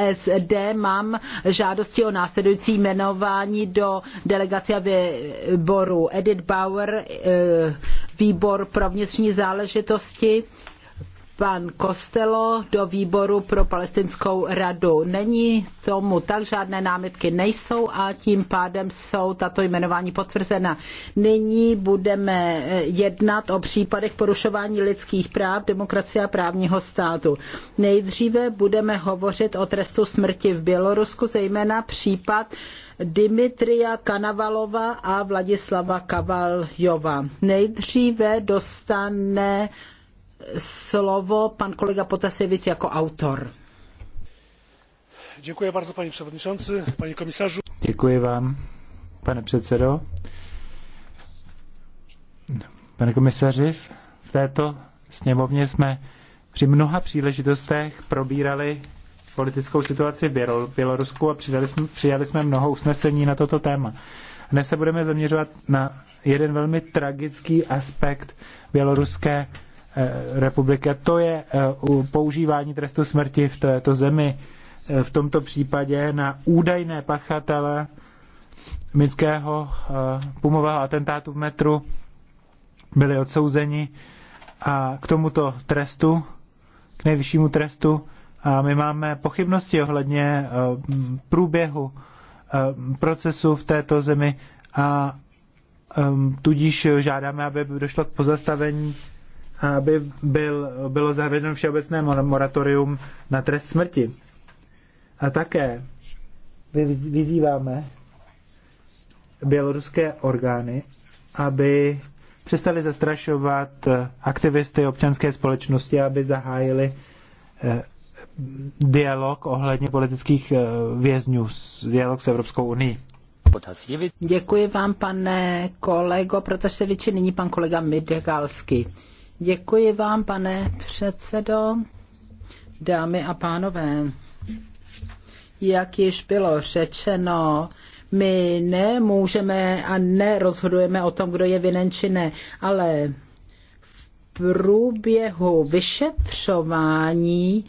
SD mám žádosti o následující jmenování do delegace a výboru Edith Bauer, eh, výbor pro vnitřní záležitosti, pan Costello do výboru pro palestinskou radu. Není tomu tak, žádné námitky nejsou a tím pádem jsou tato jmenování potvrzena. Nyní budeme eh, jednat o případech porušování lidských práv, demokracie a právního státu. Nejdříve budeme hovořit o trestu smrti v Bělorusku, zejména případ Dimitrija Kanavalova a Vladislava Kavaljova. Nejdříve dostane slovo pan kolega Potasevič jako autor. Děkuji bardzo, paní předsedající, paní komisařu. Děkuji vám, pane předsedo. Pane komisaři, v této sněmovně jsme při mnoha příležitostech probírali politickou situaci v Bělorusku a přijali jsme, přijali jsme mnoho usnesení na toto téma. Dnes se budeme zaměřovat na jeden velmi tragický aspekt běloruské Eh, Republika. To je eh, používání trestu smrti v této zemi, eh, v tomto případě na údajné pachatele minského pumového atentátu v metru byli odsouzeni a k tomuto trestu, k nejvyššímu trestu, a my máme pochybnosti ohledně průběhu procesu v této zemi a tudíž žádáme, aby došlo k pozastavení aby byl, bylo zavedeno všeobecné moratorium na trest smrti. A také vyzýváme běloruské orgány, aby přestali zastrašovat eh, aktivisty občanské společnosti, aby zahájili eh, dialog ohledně politických eh, vězňů, dialog s Evropskou unii. Děkuji vám, pane kolego většině Nyní pan kolega Midegalsky. Děkuji vám, pane předsedo. Dámy a pánové, jak již bylo řečeno, my nemůžeme a nerozhodujeme o tom, kdo je vinen či ne, ale v průběhu vyšetřování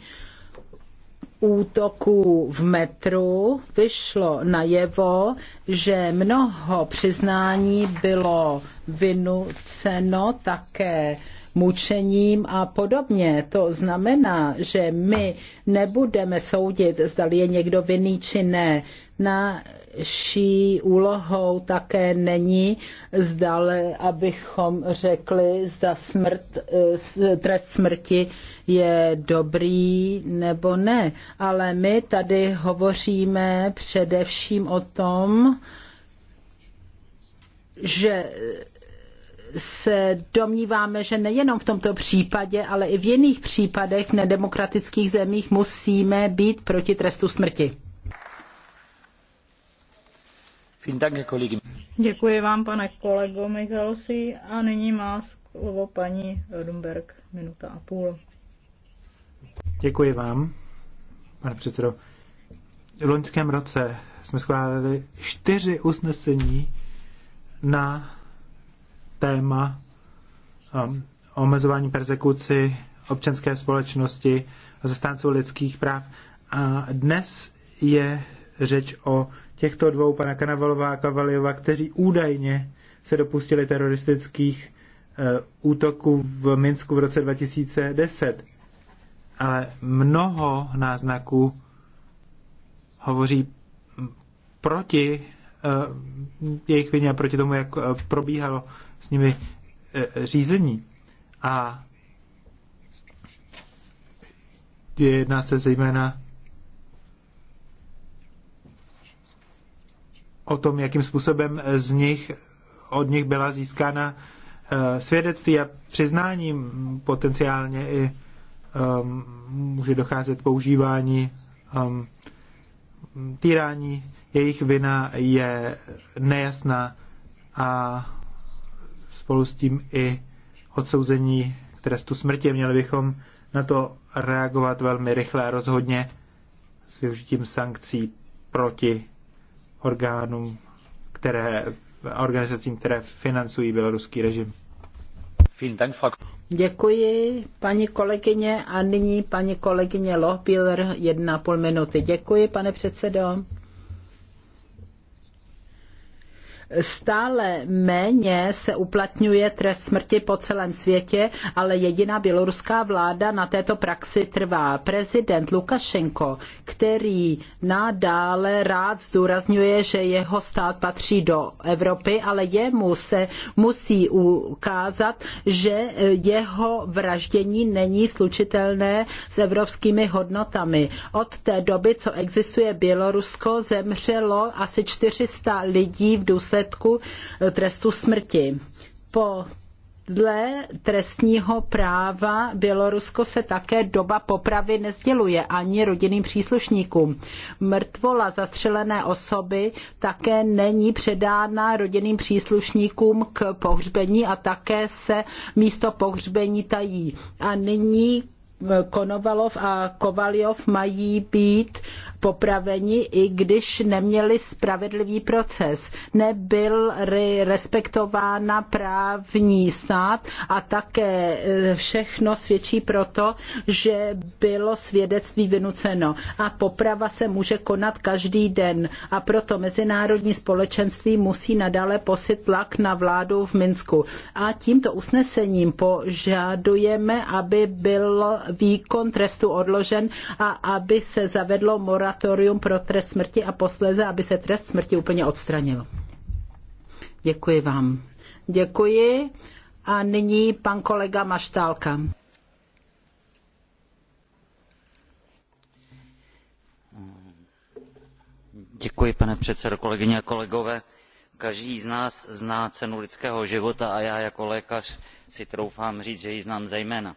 útoků v metru vyšlo najevo, že mnoho přiznání bylo vynuceno také mučením a podobně. To znamená, že my nebudeme soudit, zda je někdo vinný či ne. Naší úlohou také není, zdali, abychom řekli, zda smrt, eh, trest smrti je dobrý nebo ne. Ale my tady hovoříme především o tom, že se domníváme, že nejenom v tomto případě, ale i v jiných případech nedemokratických zemích musíme být proti trestu smrti. Děkuji vám, pane kolego Michalsi. A nyní má slovo paní Rodumberg, minuta a půl. Děkuji vám, pane předsedo. V loňském roce jsme schválili čtyři usnesení na téma um, omezování persekuci občanské společnosti a zastánců lidských práv. A dnes je řeč o těchto dvou, pana Kanavalová a Kavaliova, kteří údajně se dopustili teroristických eh, útoků v Minsku v roce 2010. Ale mnoho náznaků hovoří mm, proti eh, jejich vině a proti tomu, jak eh, probíhalo s nimi e, řízení. A jedná se zejména o tom, jakým způsobem z nich, od nich byla získána e, svědectví a přiznáním potenciálně i um, může docházet k používání um, týrání. Jejich vina je nejasná a spolu s tím i odsouzení k trestu smrti. Měli bychom na to reagovat velmi rychle a rozhodně s využitím sankcí proti orgánům, které, organizacím, které financují běloruský režim. Děkuji, paní kolegyně. A nyní paní kolegyně Lohbiller, jedna půl minuty. Děkuji, pane předsedo. Stále méně se uplatňuje trest smrti po celém světě, ale jediná běloruská vláda na této praxi trvá. Prezident Lukašenko, který nadále rád zdůrazňuje, že jeho stát patří do Evropy, ale jemu se musí ukázat, že jeho vraždění není slučitelné s evropskými hodnotami. Od té doby, co existuje Bělorusko, zemřelo asi 400 lidí v důsledku důsledku trestu smrti. Po dle trestního práva Bělorusko se také doba popravy nezděluje ani rodinným příslušníkům. Mrtvola zastřelené osoby také není předána rodinným příslušníkům k pohřbení a také se místo pohřbení tají. A nyní Konovalov a Kovaljov mají být popraveni, i když neměli spravedlivý proces. Nebyl respektována právní stát a také e, všechno svědčí proto, že bylo svědectví vynuceno. A poprava se může konat každý den. A proto mezinárodní společenství musí nadále posit tlak na vládu v Minsku. A tímto usnesením požadujeme, aby bylo výkon trestu odložen a aby se zavedlo moratorium pro trest smrti a posléze, aby se trest smrti úplně odstranil. Děkuji vám. Děkuji. A nyní pan kolega Maštálka. Děkuji, pane předsedo, kolegyně a kolegové. Každý z nás zná cenu lidského života a já jako lékař si troufám říct, že ji znám zejména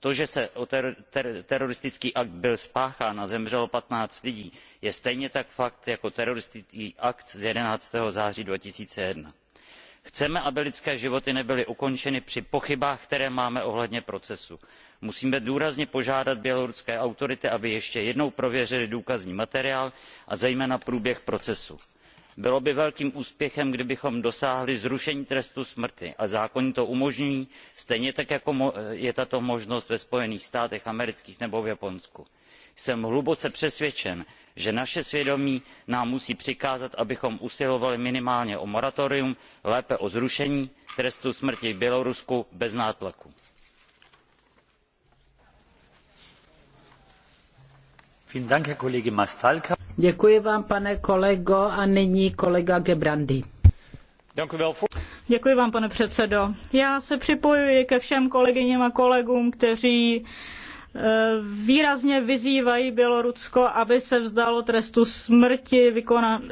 to že teroristický akt byl spáchán a zemřelo fifteen lidí je stejně tak fakt jako teroristický akt z. eleven září. two thousand and one chceme aby lidské životy nebyly ukončeny při pochybách které máme ohledně procesu. musíme důrazně požádat běloruské autority aby ještě jednou prověřily důkazní materiál a zejména průběh procesu bylo by velkým úspěchem kdybychom dosáhli zrušení trestu smrti a zákony to umožňují stejně tak jako je tato možnost ve spojených státech amerických nebo v japonsku. jsem hluboce přesvědčen že naše svědomí nám musí přikázat abychom usilovali minimálně o moratorium lépe o zrušení trestu smrti v bělorusku bez nátlaku. Děkuji vám, pane kolego, a nyní kolega Gebrandy. Děkuji vám, pane předsedo. Já se připojuji ke všem kolegyním a kolegům, kteří eh, výrazně vyzývají Bělorusko, aby se vzdalo trestu smrti,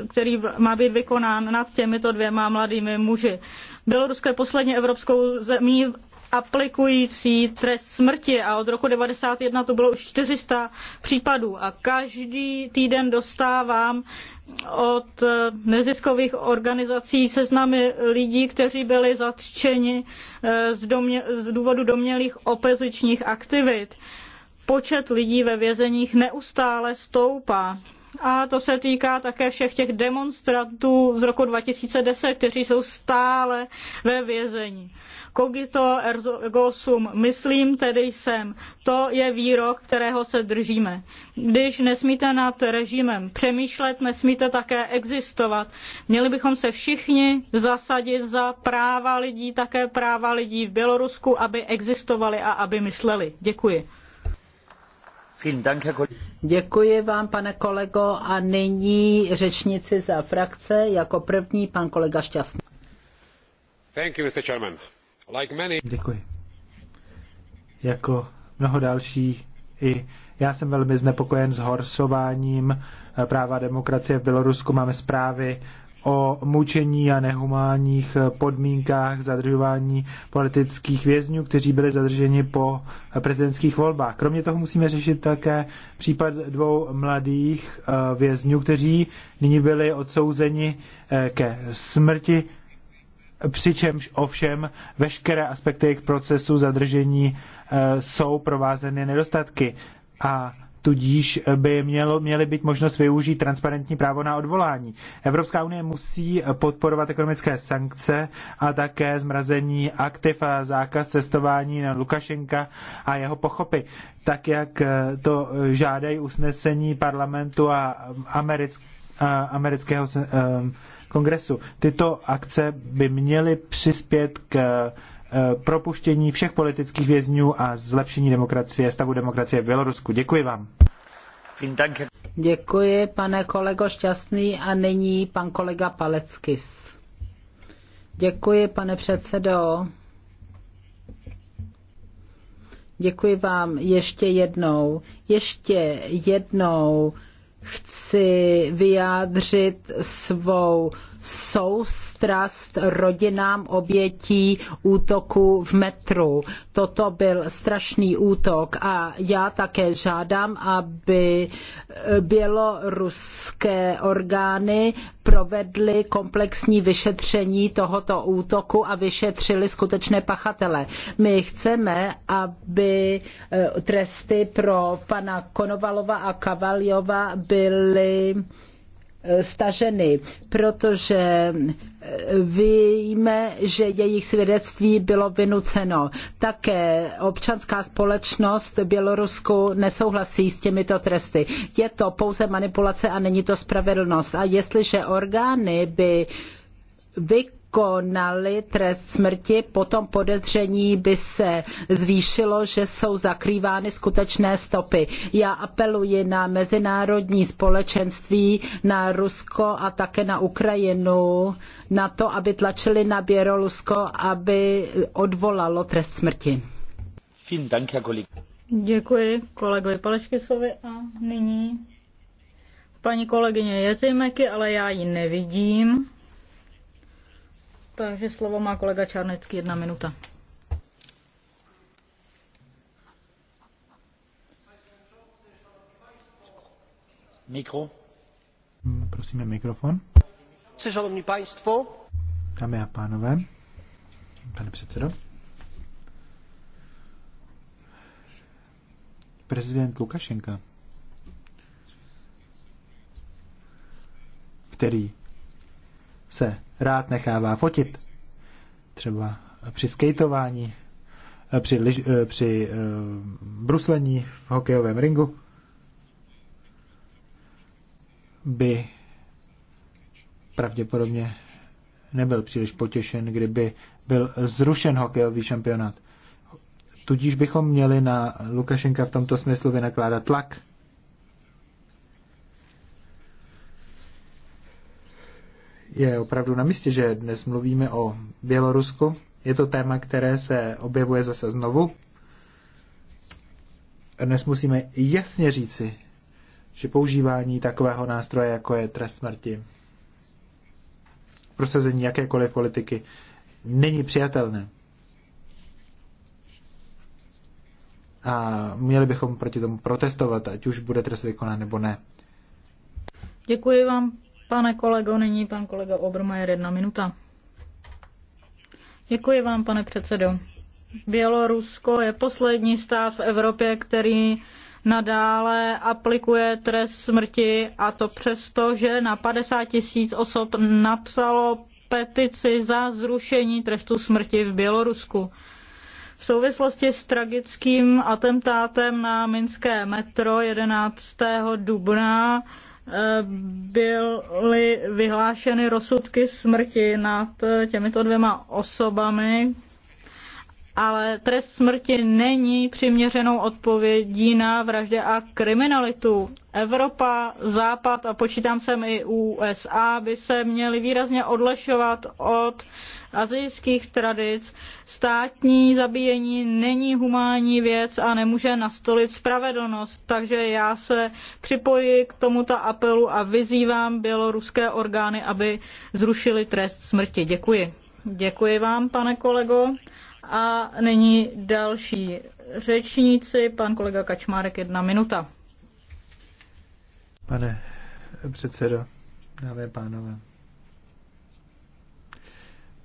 který má být vykonán nad těmito dvěma mladými muži. Bělorusko je poslední evropskou zemí aplikující trest smrti a od roku 91 to bylo už 400 případů a každý týden dostávám od eh, neziskových organizací seznamy lidí, kteří byli zatčeni eh, z, domě, z důvodu domělých opozičních aktivit. Počet lidí ve vězeních neustále stoupá. A to se týká také všech těch demonstrantů z roku 2010, kteří jsou stále ve vězení. Cogito ergo sum, myslím tedy jsem. To je výrok, kterého se držíme. Když nesmíte nad režimem přemýšlet, nesmíte také existovat. Měli bychom se všichni zasadit za práva lidí, také práva lidí v Bělorusku, aby existovali a aby mysleli. Děkuji. Děkuji vám, pane kolego, a nyní řečnici za frakce, jako první pan kolega Šťastný. Děkuji. Jako mnoho dalších i já jsem velmi znepokojen s horsováním eh, práva demokracie v Bělorusku. Máme zprávy o mučení a nehumánních podmínkách zadržování politických vězňů, kteří byli zadrženi po prezidentských volbách. Kromě toho musíme řešit také případ dvou mladých eh, vězňů, kteří nyní byli odsouzeni eh, ke smrti, přičemž ovšem veškeré aspekty jejich procesu zadržení eh, jsou provázeny nedostatky. A tudíž by mělo, měly být možnost využít transparentní právo na odvolání. Evropská unie musí podporovat ekonomické sankce a také zmrazení aktiv a zákaz cestování na Lukašenka a jeho pochopy, tak jak to žádají usnesení parlamentu a amerického kongresu. Tyto akce by měly přispět k Eh, propuštění všech politických vězňů a zlepšení demokracie, stavu demokracie v Bělorusku. Děkuji vám. Děkuji, pane kolego Šťastný, a nyní pan kolega Paleckis. Děkuji, pane předsedo. Děkuji vám ještě jednou. Ještě jednou chci vyjádřit svou soustrast rodinám obětí útoku v metru. Toto byl strašný útok a já také žádám, aby běloruské orgány provedly komplexní vyšetření tohoto útoku a vyšetřili skutečné pachatele. My chceme, aby e, tresty pro pana Konovalova a Kavaljova byly Eh, staženy, protože eh, víme, že jejich svědectví bylo vynuceno. Také občanská společnost Bělorusku nesouhlasí s těmito tresty. Je to pouze manipulace a není to spravedlnost. A jestliže orgány by vy konali trest smrti, potom podezření by se zvýšilo, že jsou zakrývány skutečné stopy. Já apeluji na mezinárodní společenství, na Rusko a také na Ukrajinu, na to, aby tlačili na Bělorusko, aby odvolalo trest smrti. Děkuji kolegovi Paleškisovi a nyní paní kolegyně Jezimeky, ale já ji nevidím. Takže slovo má kolega Čarnecký, jedna minuta. Mikro. Prosíme mikrofon. Szanowni Państwo. Dámy a pánové, pane předsedo. Prezident Lukašenka, který se rád nechává fotit, třeba při skateování, při, liž, eh, při eh, bruslení v hokejovém ringu, by pravděpodobně nebyl příliš potěšen, kdyby byl zrušen hokejový šampionát. Tudíž bychom měli na Lukašenka v tomto smyslu vynakládat tlak, je opravdu na místě, že dnes mluvíme o Bělorusku. Je to téma, které se objevuje zase znovu. Dnes musíme jasně říci, že používání takového nástroje, jako je trest smrti, prosazení jakékoliv politiky, není přijatelné. A měli bychom proti tomu protestovat, ať už bude trest vykonán nebo ne. Děkuji vám, Pane kolego, nyní pan kolega Obermajer, jedna minuta. Děkuji vám, pane předsedo. Bělorusko je poslední stát v Evropě, který nadále aplikuje trest smrti a to přesto, že na 50 tisíc osob napsalo petici za zrušení trestu smrti v Bělorusku. V souvislosti s tragickým atentátem na minské metro 11. dubna byly vyhlášeny rozsudky smrti nad těmito dvěma osobami, ale trest smrti není přiměřenou odpovědí na vraždy a kriminalitu. Evropa, Západ a počítám sem i USA by se měly výrazně odlešovat od azijských tradic. Státní zabíjení není humánní věc a nemůže nastolit spravedlnost, takže já se připoji k tomuto apelu a vyzývám běloruské orgány, aby zrušili trest smrti. Děkuji. Děkuji vám, pane kolego. A nyní další řečníci, pan kolega Kačmárek, jedna minuta. Pane předsedo, dámy a pánové,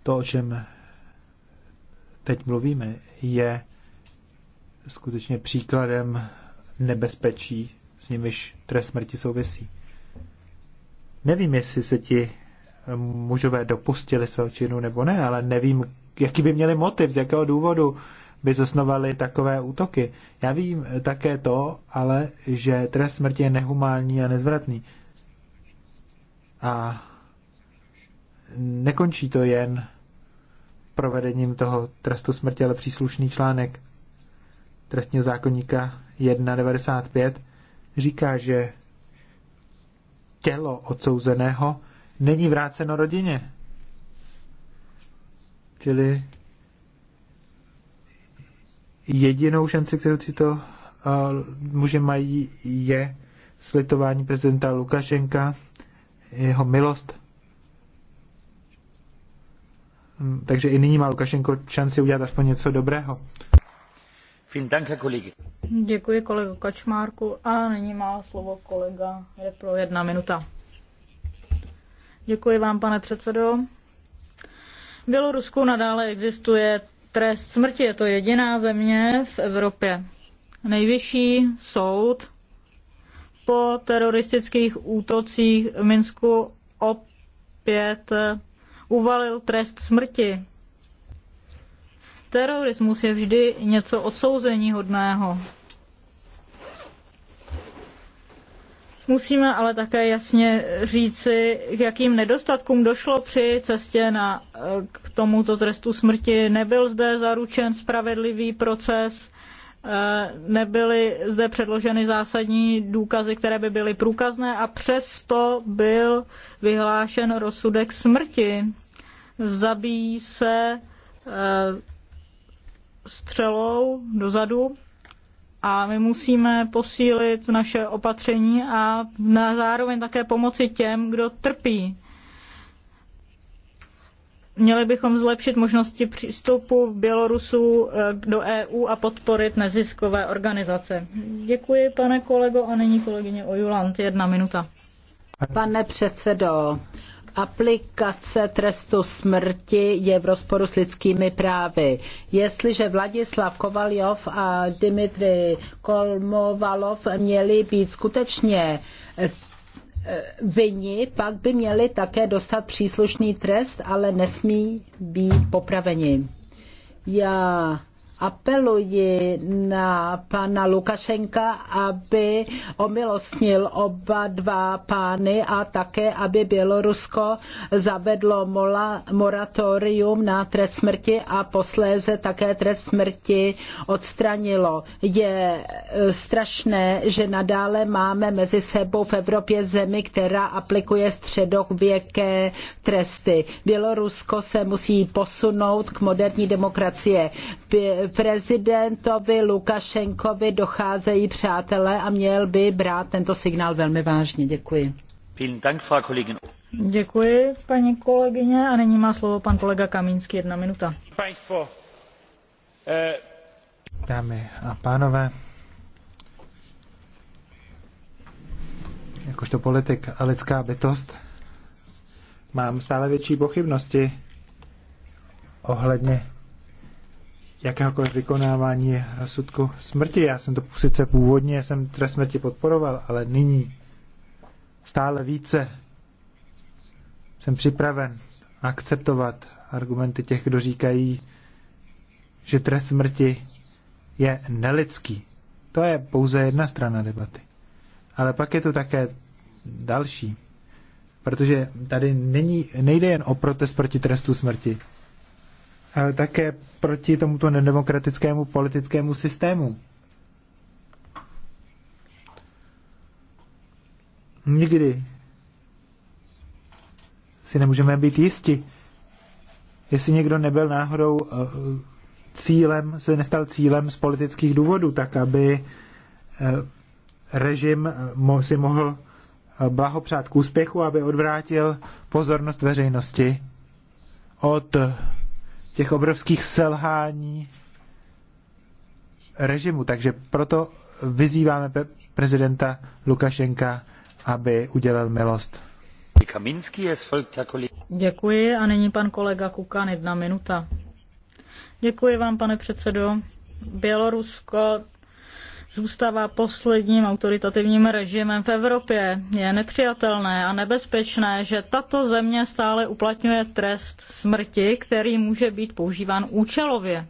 to, o čem teď mluvíme, je skutečně příkladem nebezpečí, s nimiž trest smrti souvisí. Nevím, jestli se ti mužové dopustili svého činu nebo ne, ale nevím, jaký by měli motiv, z jakého důvodu by zosnovali takové útoky. Já vím také to, ale že trest smrti je nehumální a nezvratný. A nekončí to jen provedením toho trestu smrti, ale příslušný článek trestního zákonníka 1.95 říká, že tělo odsouzeného není vráceno rodině. Čili jedinou šanci, kterou tyto muže mají, je slitování prezidenta Lukašenka, jeho milost. Mm, takže i nyní má Lukašenko šanci udělat aspoň něco dobrého. Děkuji kolegu Kačmárku a nyní má slovo kolega, je pro jedna minuta. Děkuji vám, pane předsedo. V Bělorusku nadále existuje trest smrti, je to jediná země v Evropě. Nejvyšší soud po teroristických útocích v Minsku opět uvalil trest smrti. Terorismus je vždy něco odsouzení hodného. Musíme ale také jasně říci, k jakým nedostatkům došlo při cestě na, eh, k tomuto trestu smrti. Nebyl zde zaručen spravedlivý proces, eh, nebyly zde předloženy zásadní důkazy, které by byly průkazné a přesto byl vyhlášen rozsudek smrti. Zabíjí se eh, střelou dozadu a my musíme posílit naše opatření a na zároveň také pomoci těm, kdo trpí. Měli bychom zlepšit možnosti přístupu Bělorusů eh, do EU a podporit neziskové organizace. Děkuji, pane kolego, a nyní kolegyně Ojulant Jedna minuta. Pane předsedo, aplikace trestu smrti je v rozporu s lidskými právy. Jestliže Vladislav Kovaljov a Dimitri Kolmovalov měli být skutečně eh, vyni, pak by měli také dostat příslušný trest, ale nesmí být popraveni. Já Apeluji na pana Lukašenka, aby omilostnil oba dva pány a také, aby Bělorusko zavedlo moratorium na trest smrti a posléze také trest smrti odstranilo. Je eh, strašné, že nadále máme mezi sebou v Evropě zemi, která aplikuje středověké tresty. Bělorusko se musí posunout k moderní demokracie prezidentovi Lukašenkovi docházejí přátelé a měl by brát tento signál velmi vážně. Děkuji. Děkuji, paní kolegyně. A nyní má slovo pan kolega Kamínský, jedna minuta. E, Dámy a pánové, jakožto politik a lidská bytost, mám stále větší pochybnosti ohledně jakéhokoliv vykonávání rozsudku smrti. Já jsem to sice původně jsem trest smrti podporoval, ale nyní stále více jsem připraven akceptovat argumenty těch, kdo říkají, že trest smrti je nelidský. To je pouze jedna strana debaty. Ale pak je tu také další. Protože tady není, nejde jen o protest proti trestu smrti, také proti tomuto nedemokratickému politickému systému. Nikdy si nemůžeme být jisti, jestli někdo nebyl náhodou eh, cílem, se nestal cílem z politických důvodů, tak aby eh, režim eh, si mohl blahopřát k úspěchu, aby odvrátil pozornost veřejnosti od těch obrovských selhání režimu. Takže proto vyzýváme prezidenta Lukašenka, aby udělal milost. Děkuji a nyní pan kolega Kukan, jedna minuta. Děkuji vám, pane předsedo. Bělorusko zůstává posledním autoritativním režimem v Evropě. Je nepřijatelné a nebezpečné, že tato země stále uplatňuje trest smrti, který může být používán účelově.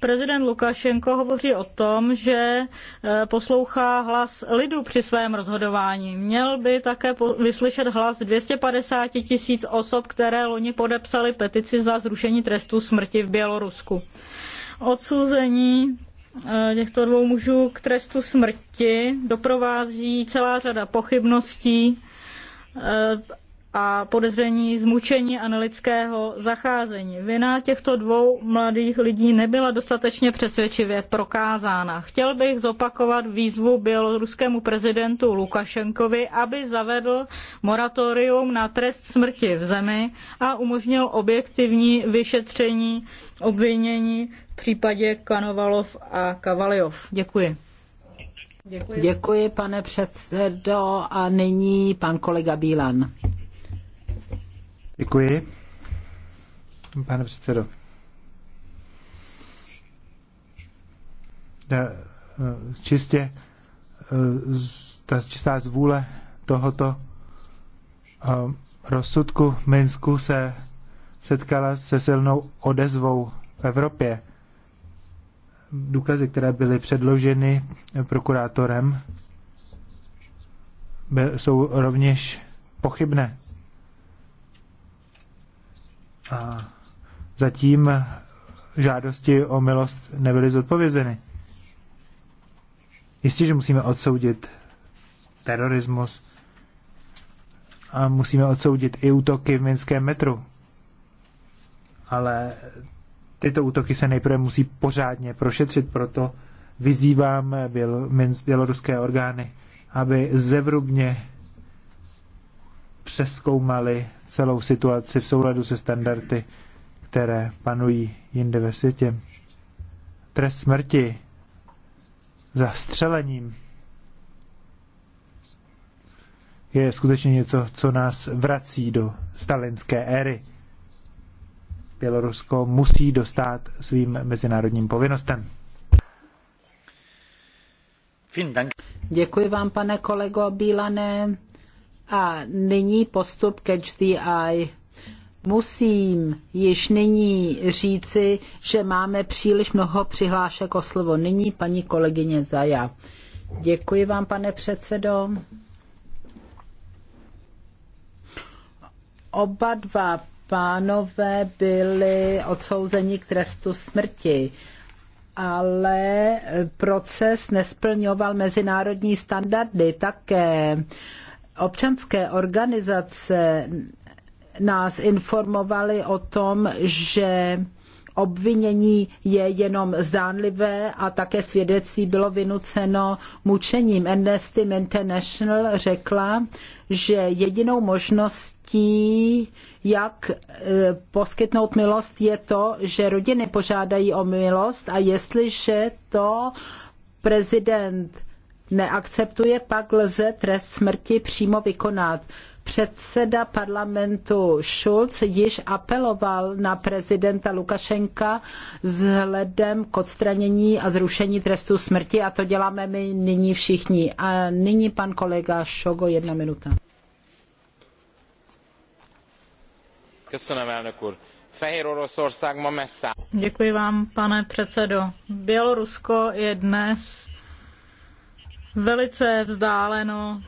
Prezident Lukašenko hovoří o tom, že eh, poslouchá hlas lidu při svém rozhodování. Měl by také vyslyšet hlas 250 tisíc osob, které loni podepsali petici za zrušení trestu smrti v Bělorusku. Odsouzení Eh, těchto dvou mužů k trestu smrti doprovází celá řada pochybností eh, a podezření zmučení a nelidského zacházení. Vina těchto dvou mladých lidí nebyla dostatečně přesvědčivě prokázána. Chtěl bych zopakovat výzvu běloruskému prezidentu Lukašenkovi, aby zavedl moratorium na trest smrti v zemi a umožnil objektivní vyšetření obvinění v případě Kanovalov a Kavaliov. Děkuji. Děkuji. Děkuji, pane předsedo. A nyní pan kolega Bílan. Děkuji, pane předsedo. Da, čistě ta čistá zvůle tohoto rozsudku v Minsku se setkala se silnou odezvou v Evropě důkazy, které byly předloženy prokurátorem, jsou rovněž pochybné. A zatím žádosti o milost nebyly zodpovězeny. Jistě, že musíme odsoudit terorismus a musíme odsoudit i útoky v minském metru. Ale Tyto útoky se nejprve musí pořádně prošetřit, proto vyzývám běloruské orgány, aby zevrubně přeskoumali celou situaci v souladu se standardy, které panují jinde ve světě. Trest smrti za střelením je skutečně něco, co nás vrací do stalinské éry. Bělorusko musí dostat svým mezinárodním povinnostem. Děkuji vám, pane kolego Bílané. A nyní postup ke the Musím již nyní říci, že máme příliš mnoho přihlášek o slovo. Nyní paní kolegyně Zaja. Děkuji vám, pane předsedo. Oba dva pánové byli odsouzeni k trestu smrti ale proces nesplňoval mezinárodní standardy. Také občanské organizace nás informovaly o tom, že obvinění je jenom zdánlivé a také svědectví bylo vynuceno mučením. Amnesty International řekla, že jedinou možností, jak e, poskytnout milost, je to, že rodiny požádají o milost a jestliže to prezident neakceptuje, pak lze trest smrti přímo vykonat. Předseda parlamentu Schulz již apeloval na prezidenta Lukašenka vzhledem k odstranění a zrušení trestu smrti a to děláme my nyní všichni. A nyní pan kolega Šogo, jedna minuta. Děkuji vám, pane předsedo. Bělorusko je dnes velice vzdáleno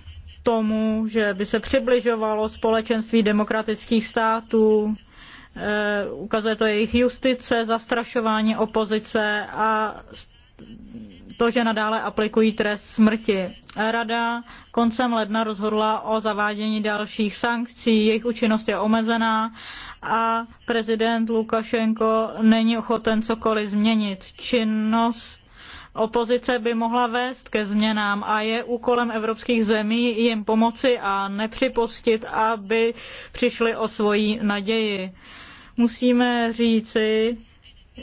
tomu, že by se přibližovalo společenství demokratických států, eh, ukazuje to jejich justice, zastrašování opozice a to, že nadále aplikují trest smrti. Rada koncem ledna rozhodla o zavádění dalších sankcí, jejich účinnost je omezená a prezident Lukašenko není ochoten cokoliv změnit. Činnost Opozice by mohla vést ke změnám a je úkolem evropských zemí jim pomoci a nepřipustit, aby přišli o svoji naději. Musíme říci,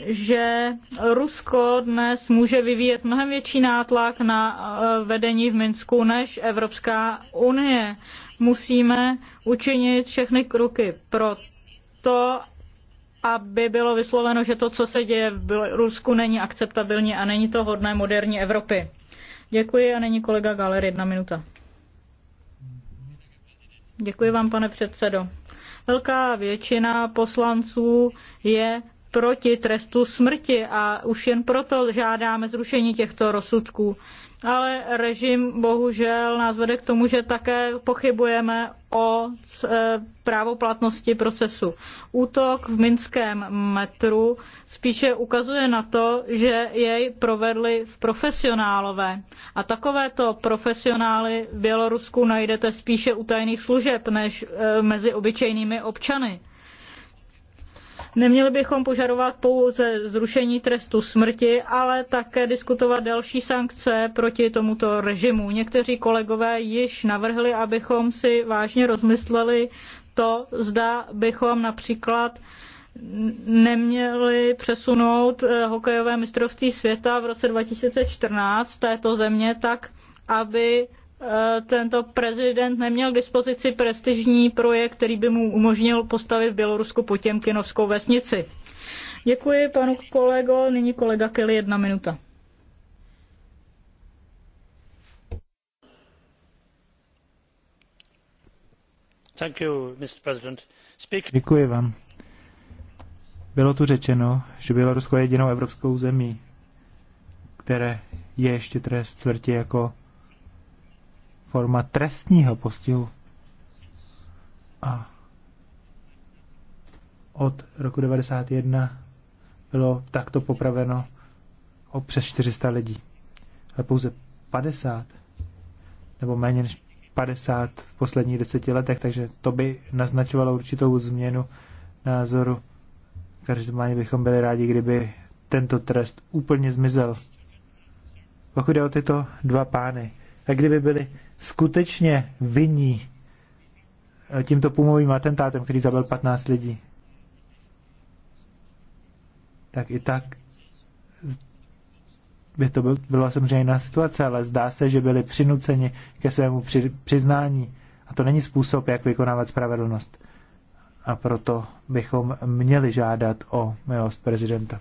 že Rusko dnes může vyvíjet mnohem větší nátlak na eh, vedení v Minsku než Evropská unie. Musíme učinit všechny kroky pro to, aby bylo vysloveno, že to, co se děje v Rusku, není akceptabilní a není to hodné moderní Evropy. Děkuji a není kolega Galer jedna minuta. Děkuji vám, pane předsedo. Velká většina poslanců je proti trestu smrti a už jen proto žádáme zrušení těchto rozsudků ale režim bohužel nás vede k tomu, že také pochybujeme o e, právoplatnosti procesu. Útok v minském metru spíše ukazuje na to, že jej provedli v profesionálové. A takovéto profesionály v Bělorusku najdete spíše u tajných služeb než e, mezi obyčejnými občany. Neměli bychom požadovat pouze zrušení trestu smrti, ale také diskutovat další sankce proti tomuto režimu. Někteří kolegové již navrhli, abychom si vážně rozmysleli to, zda bychom například neměli přesunout eh, hokejové mistrovství světa v roce 2014 této země tak, aby Eh, tento prezident neměl k dispozici prestižní projekt, který by mu umožnil postavit v Bělorusku Potěmkinovskou vesnici. Děkuji panu kolego, nyní kolega Kelly jedna minuta. You, Speak... Děkuji vám. Bylo tu řečeno, že Bělorusko je jedinou evropskou zemí, které je ještě trest smrti jako forma trestního postihu. A od roku 1991 bylo takto popraveno o přes 400 lidí. Ale pouze 50, nebo méně než 50 v posledních deseti letech, takže to by naznačovalo určitou změnu názoru. Každopádně bychom byli rádi, kdyby tento trest úplně zmizel. Pokud jde o tyto dva pány, tak kdyby byli skutečně vinní eh, tímto pumovým atentátem, který zabil 15 lidí, tak i tak by to byl, byla samozřejmě jiná situace, ale zdá se, že byli přinuceni ke svému při, přiznání. A to není způsob, jak vykonávat spravedlnost. A proto bychom měli žádat o milost prezidenta.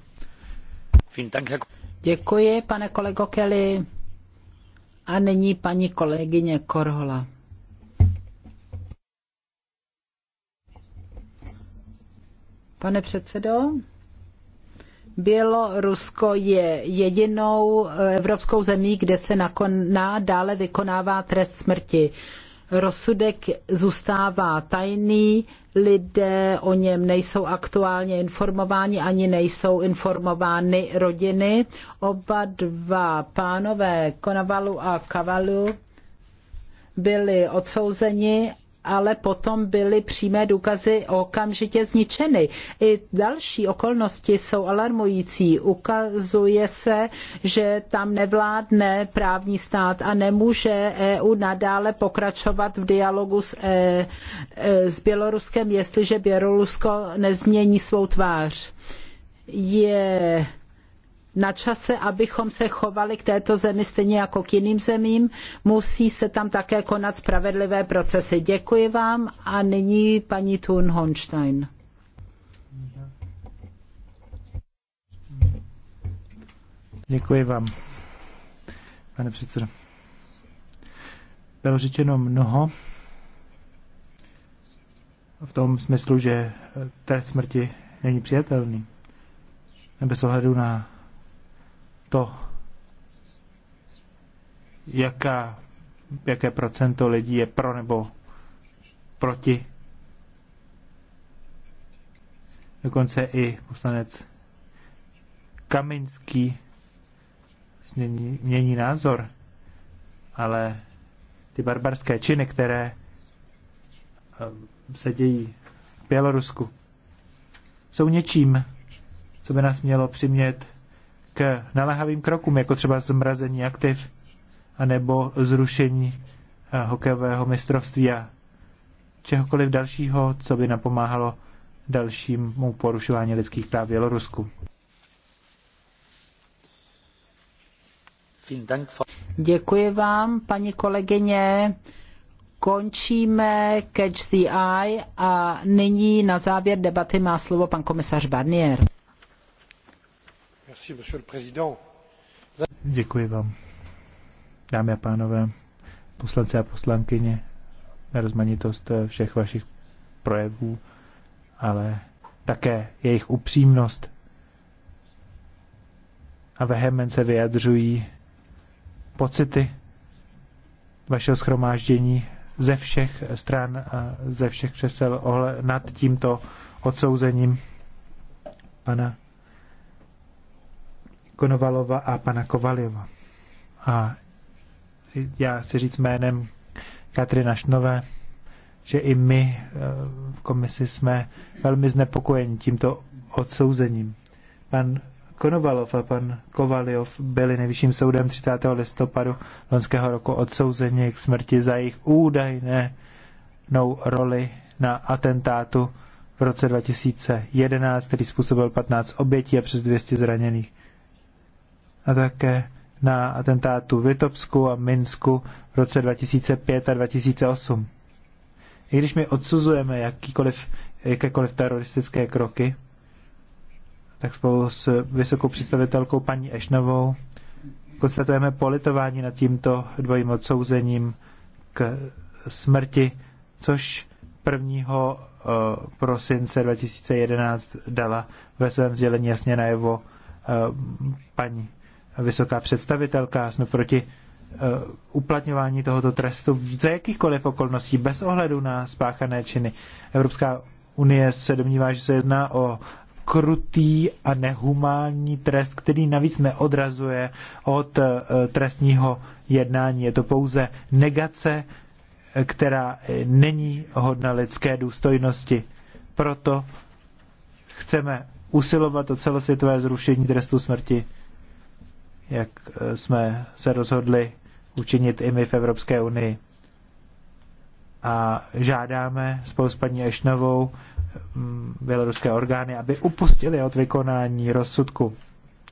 Děkuji, pane kolego Kelly. A nyní paní kolegyně Korhola. Pane předsedo, Bělorusko je jedinou evropskou zemí, kde se dále vykonává trest smrti rozsudek zůstává tajný, lidé o něm nejsou aktuálně informováni, ani nejsou informovány rodiny. Oba dva pánové Konavalu a Kavalu byli odsouzeni ale potom byly přímé důkazy okamžitě zničeny. I další okolnosti jsou alarmující. Ukazuje se, že tam nevládne právní stát a nemůže EU nadále pokračovat v dialogu s, e, e, s Běloruskem, jestliže Bělorusko nezmění svou tvář. Je na čase, abychom se chovali k této zemi stejně jako k jiným zemím. Musí se tam také konat spravedlivé procesy. Děkuji vám a nyní paní Thun Honstein. Děkuji vám, pane předsedo. Bylo řečeno mnoho v tom smyslu, že trest smrti není přijatelný. Bez ohledu na to, jaká, jaké procento lidí je pro nebo proti. Dokonce i poslanec Kaminský mění, mění názor, ale ty barbarské činy, které ehm, se dějí v Bělorusku, jsou něčím, co by nás mělo přimět k naléhavým krokům, jako třeba zmrazení aktiv, anebo zrušení eh, hokejového mistrovství a čehokoliv dalšího, co by napomáhalo dalšímu porušování lidských práv v Bělorusku. Děkuji vám, paní kolegyně. Končíme Catch the Eye a nyní na závěr debaty má slovo pan komisař Barnier. Děkuji vám. Dámy a pánové, poslanci a poslankyně, na rozmanitost eh, všech vašich projevů, ale také jejich upřímnost a vehemence vyjadřují pocity vašeho schromáždění ze všech stran a ze všech křesel nad tímto odsouzením pana Konovalova a pana Kovaliova. A já chci říct jménem Katry Našnové, že i my eh, v komisi jsme velmi znepokojeni tímto odsouzením. Pan Konovalov a pan Kovaliov byli nejvyšším soudem 30. listopadu loňského roku odsouzeni k smrti za jejich údajné roli na atentátu v roce 2011, který způsobil 15 obětí a přes 200 zraněných a také na atentátu v Litopsku a Minsku v roce 2005 a 2008. I když my odsuzujeme jakýkoliv, jakékoliv teroristické kroky, tak spolu s vysokou představitelkou paní Ešnovou konstatujeme politování nad tímto dvojím odsouzením k smrti, což 1. Eh, prosince 2011 dala ve svém sdělení jasně najevo eh, paní vysoká představitelka, jsme proti eh, uplatňování tohoto trestu za jakýchkoliv okolností, bez ohledu na spáchané činy. Evropská unie se domnívá, že se jedná o krutý a nehumánní trest, který navíc neodrazuje od eh, trestního jednání. Je to pouze negace, která není hodna lidské důstojnosti. Proto chceme usilovat o celosvětové zrušení trestu smrti jak eh, jsme se rozhodli učinit i my v Evropské unii. A žádáme spolu s paní Ešnovou mm, běloruské orgány, aby upustili od vykonání rozsudku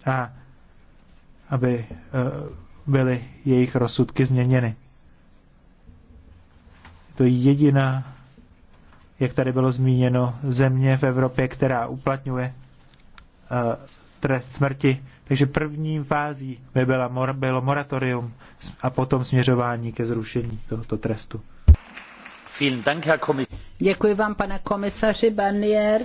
a aby eh, byly jejich rozsudky změněny. To je jediná, jak tady bylo zmíněno, země v Evropě, která uplatňuje eh, trest smrti takže první fází by byla, bylo moratorium a potom směřování ke zrušení tohoto trestu. Děkuji vám, pane komisaři Barnier.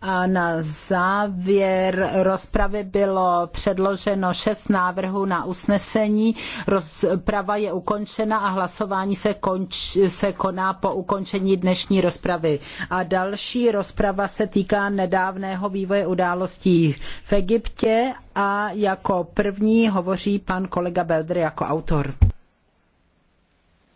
A na závěr rozpravy bylo předloženo šest návrhů na usnesení. Rozprava je ukončena a hlasování se, konč, se koná po ukončení dnešní rozpravy. A další rozprava se týká nedávného vývoje událostí v Egyptě a jako první hovoří pan kolega Belder jako autor.